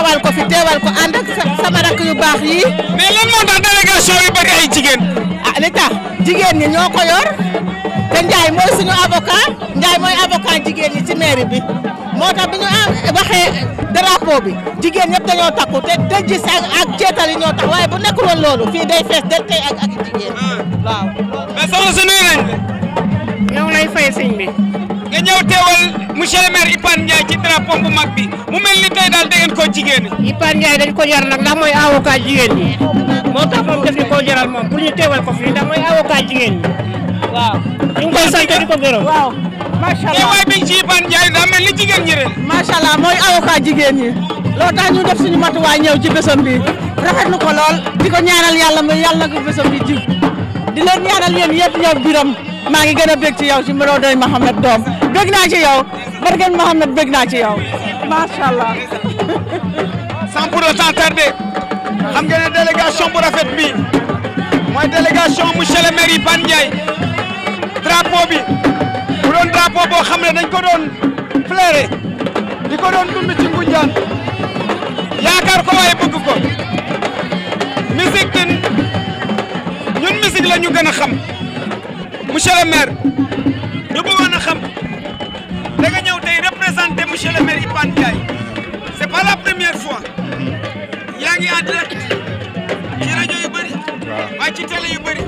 taxawal ko fi teewal ko ànd ak sama rakk yu baax yi mais lan moo tax délégation yu bëri ay jigéen. ah li tax jigéen ñi ñoo ko yor te Ndiaye mooy suñu avocat Ndiaye mooy avocat jigéen ñi ci mairie bi moo tax bi ñu waxee drapeau bi jigéen ñëpp dañoo takku te dëj si ak ak ceetal yi ñoo tax waaye bu nekkul loolu fii day fees del tey ak ak jigéen hmm. waaw. mais soxna si nuyu nañ. ñoo fay sëñ bi. ñëw teewal monsieur le maire Ipane Ndiaye ci drapeau bu mag bi mu mel ni tey da ngeen koo jigéen ñi. Ipane Ndiaye dañ ko yar nag ndax mooy avocat jigéen ñi moo tax moom def ni koo ñu teewal ko fii di ko gërëm waaw. macha allah teewaay bi ci Ipane Ndiaye daa mel ni jigéen ñi ren. macha allah mooy avocat jigéen bi rafetlu ko lool di ko ñaanal yàlla mooy yàlla na ko bésam di leen ñaanal yéen yëpp ñëw biram maa ngi gën a ci yow si mbiróo doy Mouhamed doom bég naa ci yow barkeel Mouhamed bég naa ci yow macha allah. sans pour autant tarder xam nga ne bu rafet bi mooy délégation monsieur le maire Ban bi bu doon drapeau boo xam ne dañ ko doon flairé di ko doon dund ci Ngoundiane maire ñu bëggoon a xam da nga ñëw tey représenté monsieur le maire Ipane Ndiaye c' est pas la première fois yaa ngi en direct ci rajo yu bëri. waaye ci télé yu bëri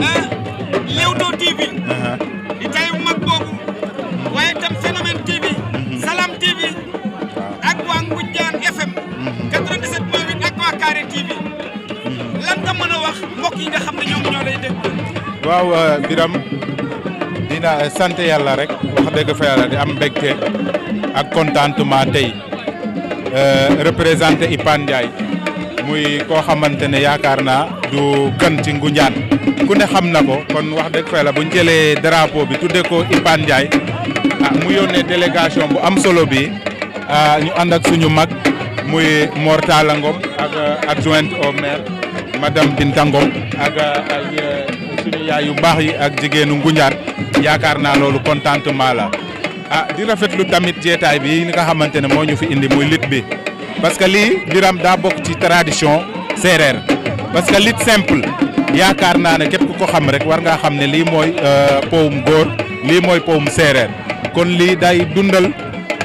ah Leewtoo waaw euh, Birame dina sant yàlla rek wax dëgg fa yàlla di am mbégte ak contentement tey euh, représenté Ipane Ndiaye muy koo xamante ne yaakaar naa du gan ci Ngoundiane ku ne xam na ko kon wax dëgg fa yàlla bu ñu jëlee drapeau bi tuddee ko Ipane Ndiaye ah mu yónnee délégation bu am solo bi ah, ñu ànd ak suñu mag muy Mor Talla Ngom ak euh, adjointe au maire madame Binta Ngom ak ay. suñu yaay yu baax yi ak jigéenu Ngunjaan yaakaar naa loolu contentement la ah di rafetlu tamit jeetaay bi ni nga xamante ne moo ñu fi indi muy lit bi parce que lii biram daa bokk ci tradition séeréer parce que lutte simple yaakaar naa ne képp ku ko xam rek war ngaa xam ne lii mooy euh, powum góor lii mooy powum séeréer kon lii day dundal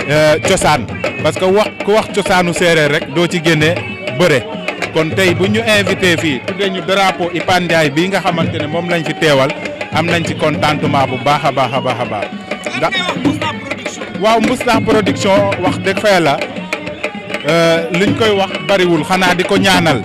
euh, cosaan parce que wax ku wax cosaanu séeréer rek doo ci génne bëre kon tey bu ñu invité fii tuddee ñu drapeau Ipane Ndiaye bii nga xamante ne moom lañ fi teewal am nañ ci contentement bu baax a baax a baax a baax ndax waaw Moustakh Production wax dëgg fa la euh, liñ koy wax bariwul xanaa di ko ñaanal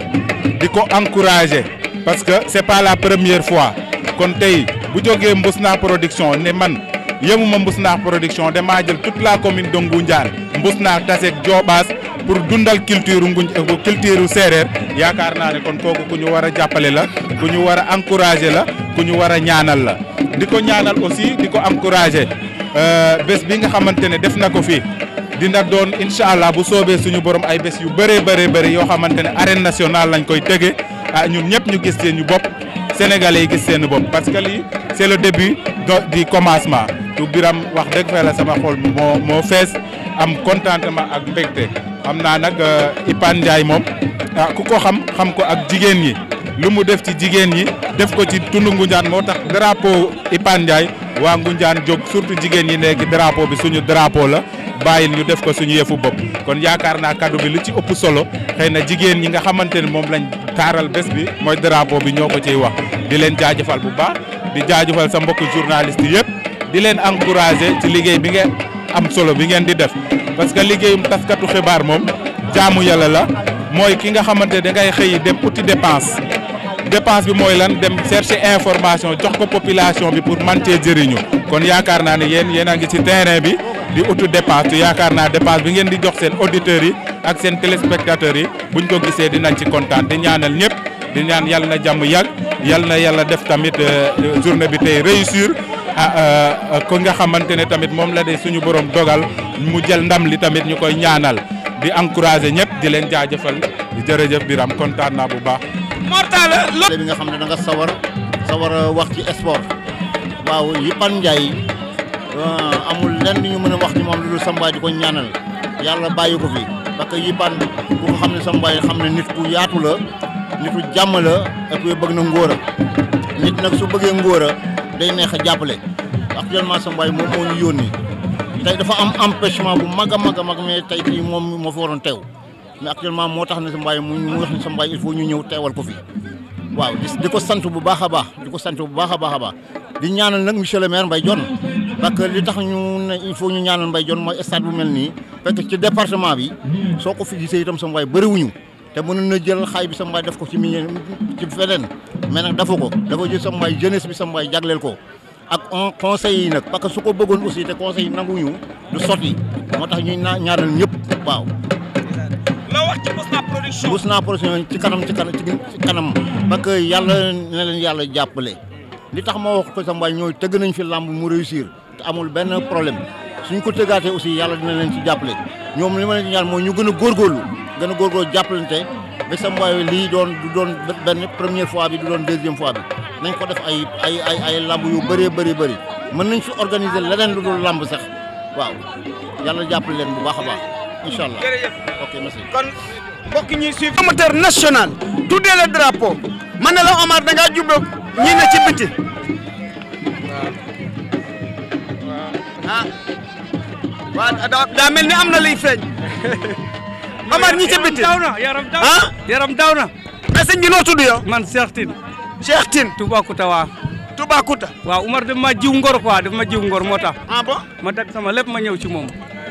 di ko encourager parce que c'est pas la première fois kon tey bu jógee Moustakh Production ne man yemuma Moustakh Production damaa jël toute la commune de Ngoundiane bés naa taseeg joobaas pour dundal culture nguñ culture séeréer yaakaar naa ne kon kooku ku ñu war a jàppale la ku ñu war a encourager la ku ñu war a ñaanal la di ko ñaanal aussi di ko encourager euh, bés bi nga xamante ne def na ko fii dina doon incha allah bu soobee suñu borom ay bés yu bëree bëree bëri yoo xamante ne arène nationale lañ koy tege a ah, ñun ñëpp ñu gis seen ñu bopp sénégalais yi gis seen bopp parce que li c'est le début du commencement du biram wax dëgg fa la sama xol moo moo fees am contentement ak mbégte xam naa nag euh, Ipane Ndiaye moom ah ku ko xam xam ko ak jigéen ñi lu mu def ci jigéen ñi def ko ci tund Ngoundiane moo tax drapeau Ipane Ndiaye waa Ngoundiane jóg surtout jigéen ñi nekk drapeau bi suñu drapeau la bàyyil ñu def ko suñu yëfu bopp kon yaakaar naa kaddu bi lu ci ëpp solo xëy na jigéen ñi nga xamante ne moom lañ taaral bés bi mooy drapeau bi ñoo ko ciy wax di leen jaajëfal bu baax di jaajëfal sa mbokku journaliste yëpp di leen encouragé liggéey bi nga am solo bi ngeen di def parce que liggéeyum taskatu xibaar moom jaamu yàlla la mooy ki nga xamante da ngay xëy dem uti dépense dépense bi mooy lan dem chercher information jox ko population bi pour man cee jëriñu kon yaakaar naa ne yéen yéen a ngi ci terrain bi di utu dépense yaakaar naa dépense bi ngeen di jox seen auditeurs yi ak seen téléspectateurs yi buñ ko gisee dinañ ci kontaan di ñaanal ñëpp di ñaan yàlla na jàmm yàgg yàlla na yàlla def tamit euh, journée bi tey réussir. Ah, euh, euh, kon nga xamante ne tamit moom la de suñu borom dogal mu jël ndam li tamit ñu koy ñaanal di encourager ñëpp di leen jaajëfal jërëjëf Biram kontaan naa bu baax. Mortala lépp. bi nga xam ne da sawar sawar a wax ci sport waaw Yipane Ndiaye euh, amul lenn ñu mën a wax ci moom lu dul sa mbaay di ko ñaanal yàlla bàyyi ko fi parce que Yipane ku ko xam ne sa mbaay xam ne nit ku yaatu la nit ku jàmm la ak bëgg na ngóora nit nag su bëggee ngóora. day neex a jàppale actuellement sa mbaay moom moo ñu yónni tey dafa am empêchement bu mag a mag a mag mais tey fii moom moo fi waroon teew mais actuellement moo tax na sa mu mu wax ne sa mbaay il faut ñu ñëw teewal ko fi waaw di ko sant bu baax a baax di ko sant bu baax a baax a baax di ñaanal nag monsieur le maire Mbaye Dione parce que li tax ñu ne il faut ñu ñaanal mbay Dione mooy stade bu mel nii parce que ci département bi soo ko fi gisee itam sa mbaay bëriwuñu te mënoon na jël xaay bi sa def ko ci mi ci feneen mais nag dafa ko dafa jël sama waay jeunesse bi sama waay jagleel ko ak on conseil yi nag parce que su ko bëggoon aussi te conseil yi nanguñu du sotti moo tax ñuy naa ñaanal ñëpp waaw. loo wax ci production. ci kanam ci kanam ci kanam parce que yàlla na leen yàlla jàppale li tax ma wax ko sama waay ñooy tëgg nañ fi làmb mu réussir te amul benn problème suñ ko tëggaatee aussi yàlla dina leen ci jàppale ñoom li ma leen di mooy ñu gën a góorgóorlu gën a góorgóorlu jàppalante. Bessa Mboye lii doon du doon benn première fois bi du doon deuxième fois bi nañ ko def ay ay ay ay lamb yu bëree bëri bëri mën nañ fi organiser leneen lu dul lamb sax waaw yàlla jàppale leen bu baax a baax incha allah ok merci. kon mbokk ñuy suivre amateur national. tuddee le drapeau. man ne la Omar da ngaa jublu ñii ne ci biti. Ah. am na liy Amar ñi ca biti yaram daw na yaram daw na ah? yaram daw na. mais sëñ man Cheikh Tine. Cheikh Tine. Toubacouta waa. waaw Umar daf ma jiw ngor quoi daf ma jiw ngor moo tax. ah bon ma teg sama lépp ma ñëw ci moom.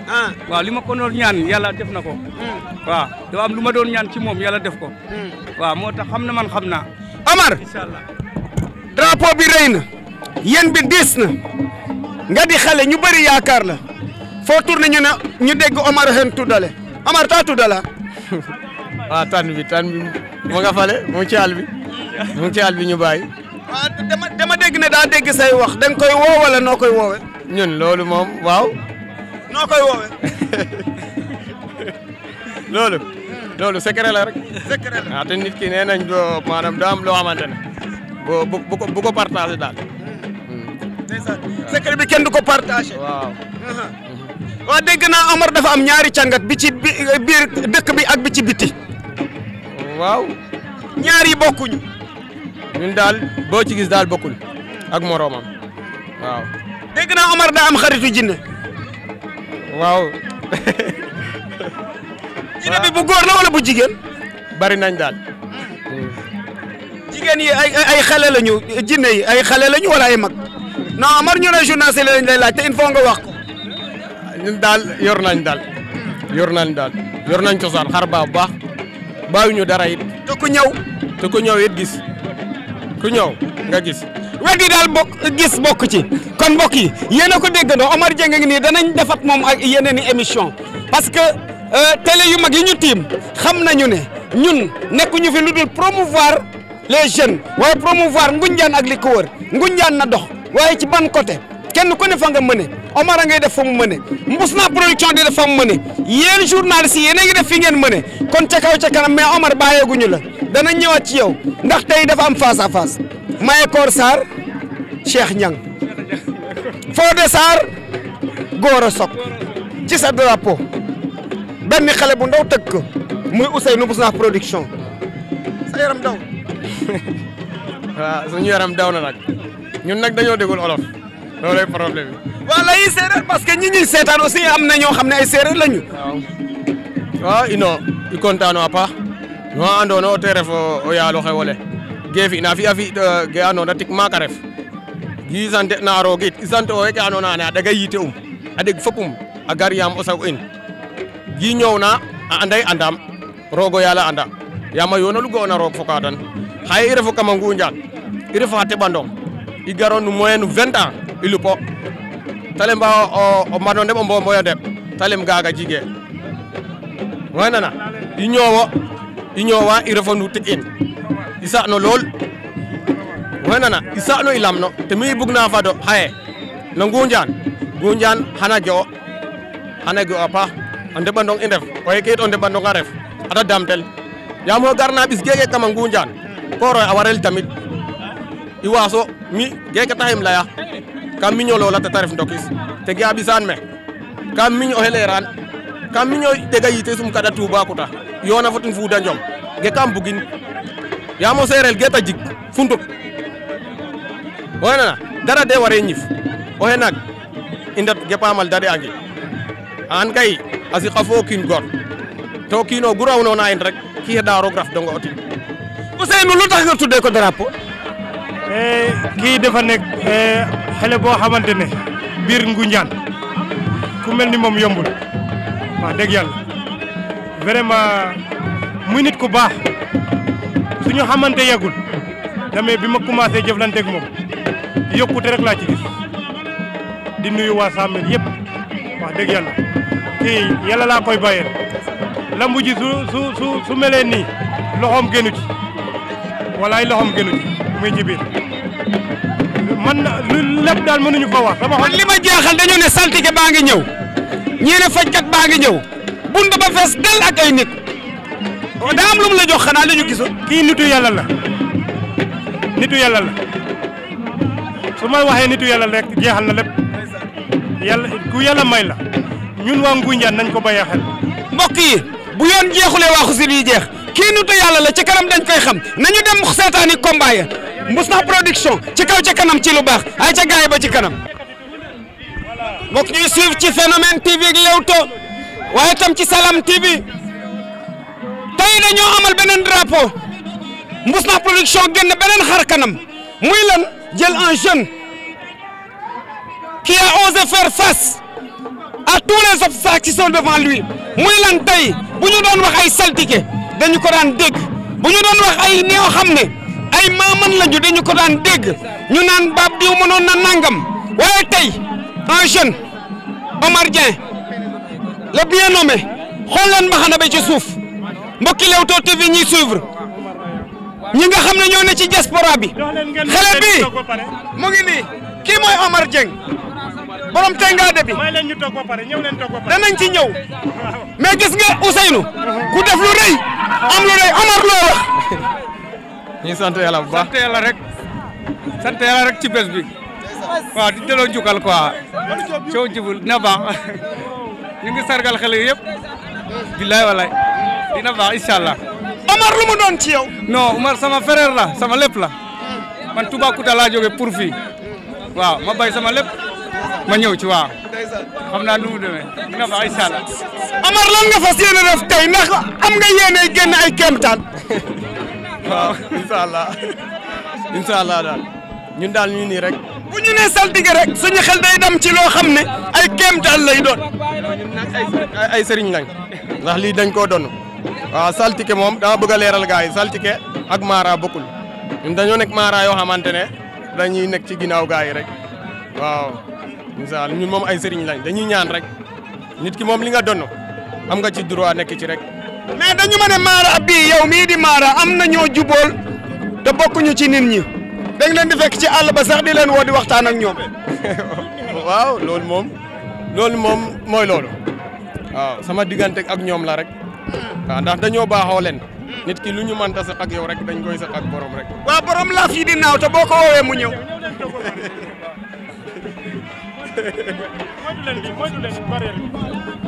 ah waaw li ma ko doon ñaan yàlla def na ko. Hmm. waaw dafa am lu ma doon ñaan ci moom yàlla def ko. Hmm. waaw moo tax xam na man xam naa. Amar incha bi rëy na. yéen bi diis na. nga di xale ñu bëri yaakaar la. foo tourné ñu ne ñu dégg Omar hen tuddale Amar taa tudd la waaw tànn bi tànn bi mu nga fale mu ngi ci àll bi mu ngi ci àll bi ñu bàyyi. waaw ah, dama dama dégg ne daa dégg say wax da koy woo wala noo koy woowe ñun loolu moom waaw. noo koy woowe loolu. loolu secret la rek. secret ah, nit ki nee doo maanaam daa am loo xamante ne. boo bu ko bu daal. c'est bi kenn du ko partagé. waaw. Uh-huh. waa dégg naa Omar dafa am ñaari càngat bi ci biir dëkk bi ak bi ci biti. waaw. ñaar bokkuñu. ñun daal boo ci gis daal bokkul ak moroomam waaw. dégg naa Omar daa am xaritu jinne. waaw. jinne bi bu góor la bu jigéen. bari nañ daal. jigéen yi ay ay xale lañu jinne yi ay xale lañu wala ay mag non Omar ñu ne journaliste lañ lay laaj te il faut nga wax ñun daal yor nañ daal yor nañ daal yor nañ cosaan xar baa bu baax bàyyiwuñu dara it te ku ñëw te ku ñëw it gis ku ñëw nga gis weddi daal bokk gis bokk ci kon mbokk yi yéen a ko déggandoo Omar Dieng ngi nii danañ defat moom ak yeneen i émission parce que euh, télé yu mag yi ñu tiim xam nañu ne ñun nekkuñu fi lu dul promouvoir le jeune waaye promouvoir Ngoundiane ak li ko wër Ngoundiane na dox waaye ci ban côté kenn ku ne fa nga mëne omara a ngay def fa mu mëne Ousmane production di def fa mu mëne yéen journaliste yi yéen a ngi def fi ngeen mëne kon ca kaw ca kanam mais Omar bàyyeeguñu la dana ñëwaat ci yow ndax tey dafa am face à face Mayakor Sarr Cheikh Niang Fodé Sarr Gora Sock ci sa drapo benn xale bu ndaw tëgg ko muy Ousseynou Ousmane production sa yaram daw waaw suñu nag ñun nag dañoo déggul olof loolay problème séeréer parce que ñi ñuy seetaan am na ñoo xam ne ay séeréer lañu. waaw ino i kontaan a paax no andoona yee te ref o yaal oxe wole gee fi'na fi'a fi' ge andoona tik maak a ref i sante'na roog it i sante'oxe ke andoona yee a a ɗeg fopum a gar yaam o sag'in gi ñoowna a anda andaam roog o yaal a anda yaam a yoon olu ga'oona roog fo xaye i refo kama Ngunjaan i refo xa teɓandong i garo no moyen no 20 ilu po tale mba o, o mano ndeɓo mbomboyo ndeɓ talem gaga jigue way nana i ñoowo i ñoowa i refanu tig in i sano lool way nana i sano te mi i bugna fado xaye no ngunjaan ngunjaan xana ge'o xana ge'o a paax a ndeɓandong i ndef oye ke ata damtel yaam o garna ɓis geege kama ngunjaan kooroxe a warel damit mi geeke taxim laya kam miñol o lattata ref ndokis tege a ɓisaan me kam miñ oxe leeraan kam o ɗega sum kaɗa Toubacouta yoona fo fuuda njom ge kam bugin yaam o seerel ge ta jik nana dara de ware ñif oxe naak i ndat ge paamal dade angi an kay a siqa fo o kiin goor to o kiin o gu rawnoona rek ki xeɗa roog raf dongo o ten Ousseynou lu tax nga tuddee ko drapeau eh, kii dafa eh, xale boo xamante ne biir Ngoundiane ku mel ni moom yombul wax dëgg yàlla vraiment muy nit ku baax suñu xamante yàggul damay bi ma commencé jëflanteeg moom yokkute rek laa ci gis di nuyu waa Samir yëpp wax dëgg yàlla kii yàlla laa koy bàyyee lamb su su su su melee nii loxoom gënu ci walaay loxoom man lu lépp daal mënuñu ko wax. dama man li ma jeexal dañoo ne saltige baa ngi ñëw ñii ne fajkat baa ngi ñëw buñ ba fees del ak ay nit oh, daa daam lu mu la jox xanaa li ñu gisul. kii nitu yàlla la nitu yàlla la su ma waxee nitu yàlla rek jeexal na lépp yàlla ku yàlla may la ñun waa Ngunjaan nañ ko bàyyee xel. mbokk yi bu yoon jeexulee waa Xusin yi jeex kii nitu yàlla la ci kanam dañ koy xam nañu dem seetaani combat ya Mbousnakh production ci kaw ca kanam ci lu baax ay ca gaay ba ci kanam mbokk ñuy suivre ci phénomène TV ak Leewtoo waaye tam ci salaam TV tey dañoo amal beneen drapeau Mbousnakh production génn beneen xar kanam muy lan jël un jeune qui a osé faire face à tous les obstacles qui devant lui muy lan tey bu ñu doon wax ay saltige dañu ko daan dégg bu ñu doon wax ay ñoo xam ne. ay maaman lañu dañu ko daan dégg ñu naan baab diw mënoon na nangam waaye tey un jeune Omar Dieng le bien nommé xool leen mbaxana ba ci suuf mbokki Leewtoo TV ñuy suivre ñi nga xam ne ñoo ne ci diaspora bi xale bi mu ngi nii kii mooy Omar Dieng borom tengaade bi danañ ci ñëw mais gis nga Ousseynou ku def lu rëy am lu rëy Omar loo wax ñu ngi sant yàlla bu baax sant yàlla rek sant rek ci bés bi waaw di delloo njukkal quoi coow jibul dina baax ñu ngi sargal xale yëpp billaay walaay dina baax incha allah. Omar doon ci yow. non Omar sama frère la sama lépp la man Toubacouta laa jóge pour waaw ma bay sama lépp ma ñëw ci waaw xam naa nu mu demee dina baax incha allah. Omar nga fas yéene def tey ndax am nga yéene génn ay kéemtaan. waaw incha allah incha allah daal ñun daal ñu nii rek. bu ñu nee saltige rek suñu xel day dem ci loo xam ne ay kéemtaan lay doon. ay sëriñ lañ ndax lii dañ koo doon waaw saltige moom daa bëgg a leeral gars yi saltige ak maara bokkul ñun dañoo nekk maara yoo xamante ne dañuy nekk ci ginnaaw gars yi rek waaw incha allah ñun moom ay sëriñ lañ dañuy ñaan rek nit ki moom li nga doon am nga ci droit nekk ci rek. mais dañu ma ne Mara bii yow mii di Mara am nañoo ñoo jubool te bokkuñu ci nit ñi dañ leen di fekk ci àll ba sax di leen woo di waxtaan ak ñoom. waaw loolu moom loolu moom mooy loolu waaw sama diggante ak ñoom la rek waaw ndax dañoo baaxoo leen nit ki lu ñu mënta sax ak yow rek dañ koy sax ak borom rek. waaw borom laaf di naaw te boo ko mu ñëw.